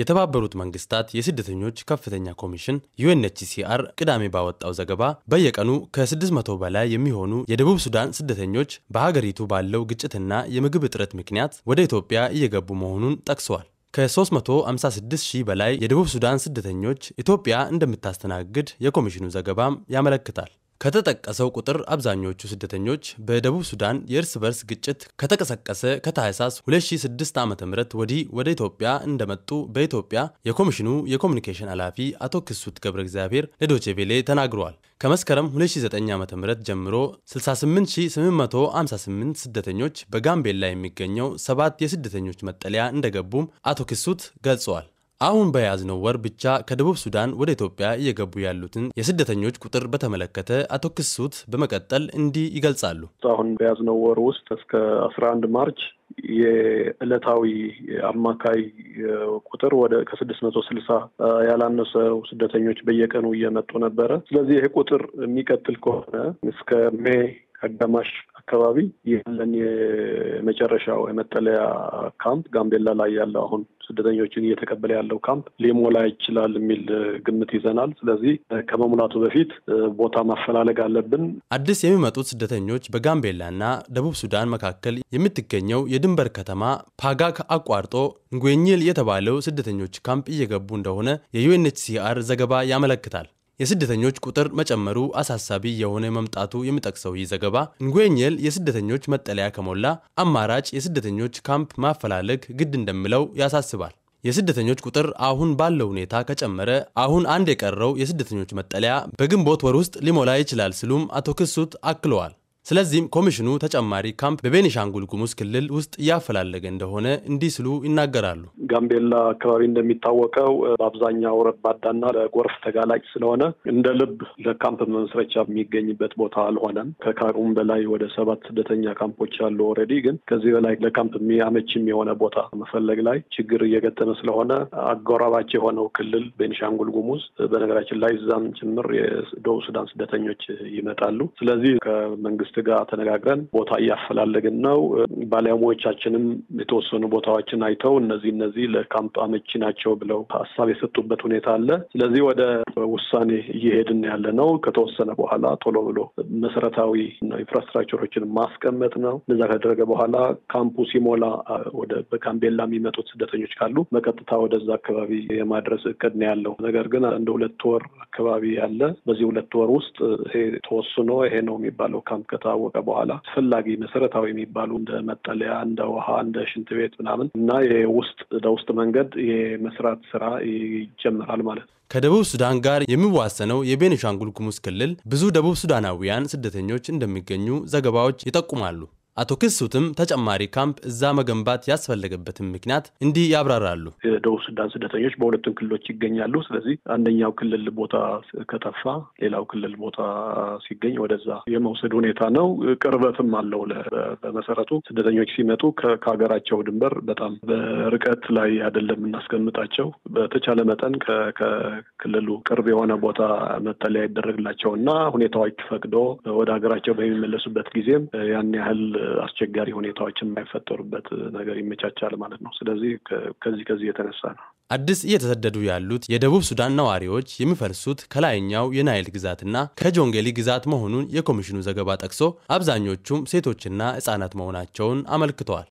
የተባበሩት መንግስታት የስደተኞች ከፍተኛ ኮሚሽን ዩኤንኤችሲአር ቅዳሜ ባወጣው ዘገባ በየቀኑ ከ600 በላይ የሚሆኑ የደቡብ ሱዳን ስደተኞች በሀገሪቱ ባለው ግጭትና የምግብ እጥረት ምክንያት ወደ ኢትዮጵያ እየገቡ መሆኑን ጠቅሰዋል። ከ356 ሺህ በላይ የደቡብ ሱዳን ስደተኞች ኢትዮጵያ እንደምታስተናግድ የኮሚሽኑ ዘገባም ያመለክታል። ከተጠቀሰው ቁጥር አብዛኞቹ ስደተኞች በደቡብ ሱዳን የእርስ በርስ ግጭት ከተቀሰቀሰ ከታህሳስ 2006 ዓ ም ወዲህ ወደ ኢትዮጵያ እንደመጡ በኢትዮጵያ የኮሚሽኑ የኮሚኒኬሽን ኃላፊ አቶ ክሱት ገብረ እግዚአብሔር ለዶቼቬሌ ተናግረዋል። ከመስከረም 2009 ዓ ም ጀምሮ 68858 ስደተኞች በጋምቤላ የሚገኘው ሰባት የስደተኞች መጠለያ እንደገቡም አቶ ክሱት ገልጸዋል። አሁን በያዝነው ወር ብቻ ከደቡብ ሱዳን ወደ ኢትዮጵያ እየገቡ ያሉትን የስደተኞች ቁጥር በተመለከተ አቶ ክሱት በመቀጠል እንዲህ ይገልጻሉ። አሁን በያዝነው ወር ውስጥ እስከ አስራ አንድ ማርች የዕለታዊ አማካይ ቁጥር ወደ ከስድስት መቶ ስልሳ ያላነሰው ስደተኞች በየቀኑ እየመጡ ነበረ። ስለዚህ ይሄ ቁጥር የሚቀጥል ከሆነ እስከ ሜይ አጋማሽ አካባቢ ያለን የመጨረሻው የመጠለያ ካምፕ ጋምቤላ ላይ ያለው አሁን ስደተኞችን እየተቀበለ ያለው ካምፕ ሊሞላ ይችላል የሚል ግምት ይዘናል። ስለዚህ ከመሙላቱ በፊት ቦታ ማፈላለግ አለብን። አዲስ የሚመጡት ስደተኞች በጋምቤላና ደቡብ ሱዳን መካከል የምትገኘው የድንበር ከተማ ፓጋክ አቋርጦ ንጉኝል የተባለው ስደተኞች ካምፕ እየገቡ እንደሆነ የዩኤንኤችሲአር ዘገባ ያመለክታል። የስደተኞች ቁጥር መጨመሩ አሳሳቢ የሆነ መምጣቱ የሚጠቅሰው ይህ ዘገባ እንጉዌኝል የስደተኞች መጠለያ ከሞላ አማራጭ የስደተኞች ካምፕ ማፈላለግ ግድ እንደሚለው ያሳስባል። የስደተኞች ቁጥር አሁን ባለው ሁኔታ ከጨመረ አሁን አንድ የቀረው የስደተኞች መጠለያ በግንቦት ወር ውስጥ ሊሞላ ይችላል ሲሉም አቶ ክሱት አክለዋል። ስለዚህም ኮሚሽኑ ተጨማሪ ካምፕ በቤኒሻንጉል ጉሙዝ ክልል ውስጥ እያፈላለገ እንደሆነ እንዲህ ሲሉ ይናገራሉ። ጋምቤላ አካባቢ እንደሚታወቀው በአብዛኛው ረባዳና ለጎርፍ ተጋላጭ ስለሆነ እንደ ልብ ለካምፕ መመስረቻ የሚገኝበት ቦታ አልሆነም። ከካሩም በላይ ወደ ሰባት ስደተኛ ካምፖች አሉ። ኦልሬዲ ግን ከዚህ በላይ ለካምፕ የሚያመችም የሆነ ቦታ መፈለግ ላይ ችግር እየገጠመ ስለሆነ አጎራባች የሆነው ክልል ቤንሻንጉል ጉሙዝ፣ በነገራችን ላይ እዛም ጭምር የደቡብ ሱዳን ስደተኞች ይመጣሉ። ስለዚህ ከመንግስት ጋር ተነጋግረን ቦታ እያፈላለግን ነው። ባለሙያዎቻችንም የተወሰኑ ቦታዎችን አይተው እነዚህ እነዚህ እነዚህ ለካምፕ አመቺ ናቸው ብለው ሀሳብ የሰጡበት ሁኔታ አለ። ስለዚህ ወደ ውሳኔ እየሄድን ያለ ነው። ከተወሰነ በኋላ ቶሎ ብሎ መሰረታዊ ኢንፍራስትራክቸሮችን ማስቀመጥ ነው። እንደዛ ከደረገ በኋላ ካምፑ ሲሞላ ወደ በጋምቤላ የሚመጡት ስደተኞች ካሉ በቀጥታ ወደዛ አካባቢ የማድረስ እቅድ ነው ያለው። ነገር ግን እንደ ሁለት ወር አካባቢ ያለ በዚህ ሁለት ወር ውስጥ ይሄ ተወስኖ ይሄ ነው የሚባለው ካምፕ ከታወቀ በኋላ አስፈላጊ መሰረታዊ የሚባሉ እንደ መጠለያ፣ እንደ ውሃ፣ እንደ ሽንት ቤት ምናምን እና የውስጥ ወደ ውስጥ መንገድ የመስራት ስራ ይጀምራል ማለት ነው። ከደቡብ ሱዳን ጋር የሚዋሰነው የቤኒሻንጉል ጉሙዝ ክልል ብዙ ደቡብ ሱዳናዊያን ስደተኞች እንደሚገኙ ዘገባዎች ይጠቁማሉ። አቶ ክሱትም ተጨማሪ ካምፕ እዛ መገንባት ያስፈለገበትን ምክንያት እንዲህ ያብራራሉ። የደቡብ ሱዳን ስደተኞች በሁለቱም ክልሎች ይገኛሉ። ስለዚህ አንደኛው ክልል ቦታ ከጠፋ ሌላው ክልል ቦታ ሲገኝ ወደዛ የመውሰድ ሁኔታ ነው። ቅርበትም አለው። በመሰረቱ ስደተኞች ሲመጡ ከሀገራቸው ድንበር በጣም በርቀት ላይ አይደለም የምናስቀምጣቸው። በተቻለ መጠን ከክልሉ ቅርብ የሆነ ቦታ መጠለያ ይደረግላቸው እና ሁኔታዎች ፈቅዶ ወደ ሀገራቸው በሚመለሱበት ጊዜም ያን ያህል አስቸጋሪ ሁኔታዎች የማይፈጠሩበት ነገር ይመቻቻል ማለት ነው። ስለዚህ ከዚህ ከዚህ የተነሳ ነው አዲስ እየተሰደዱ ያሉት የደቡብ ሱዳን ነዋሪዎች የሚፈልሱት ከላይኛው የናይል ግዛትና ከጆንጌሊ ግዛት መሆኑን የኮሚሽኑ ዘገባ ጠቅሶ አብዛኞቹም ሴቶችና ሕጻናት መሆናቸውን አመልክተዋል።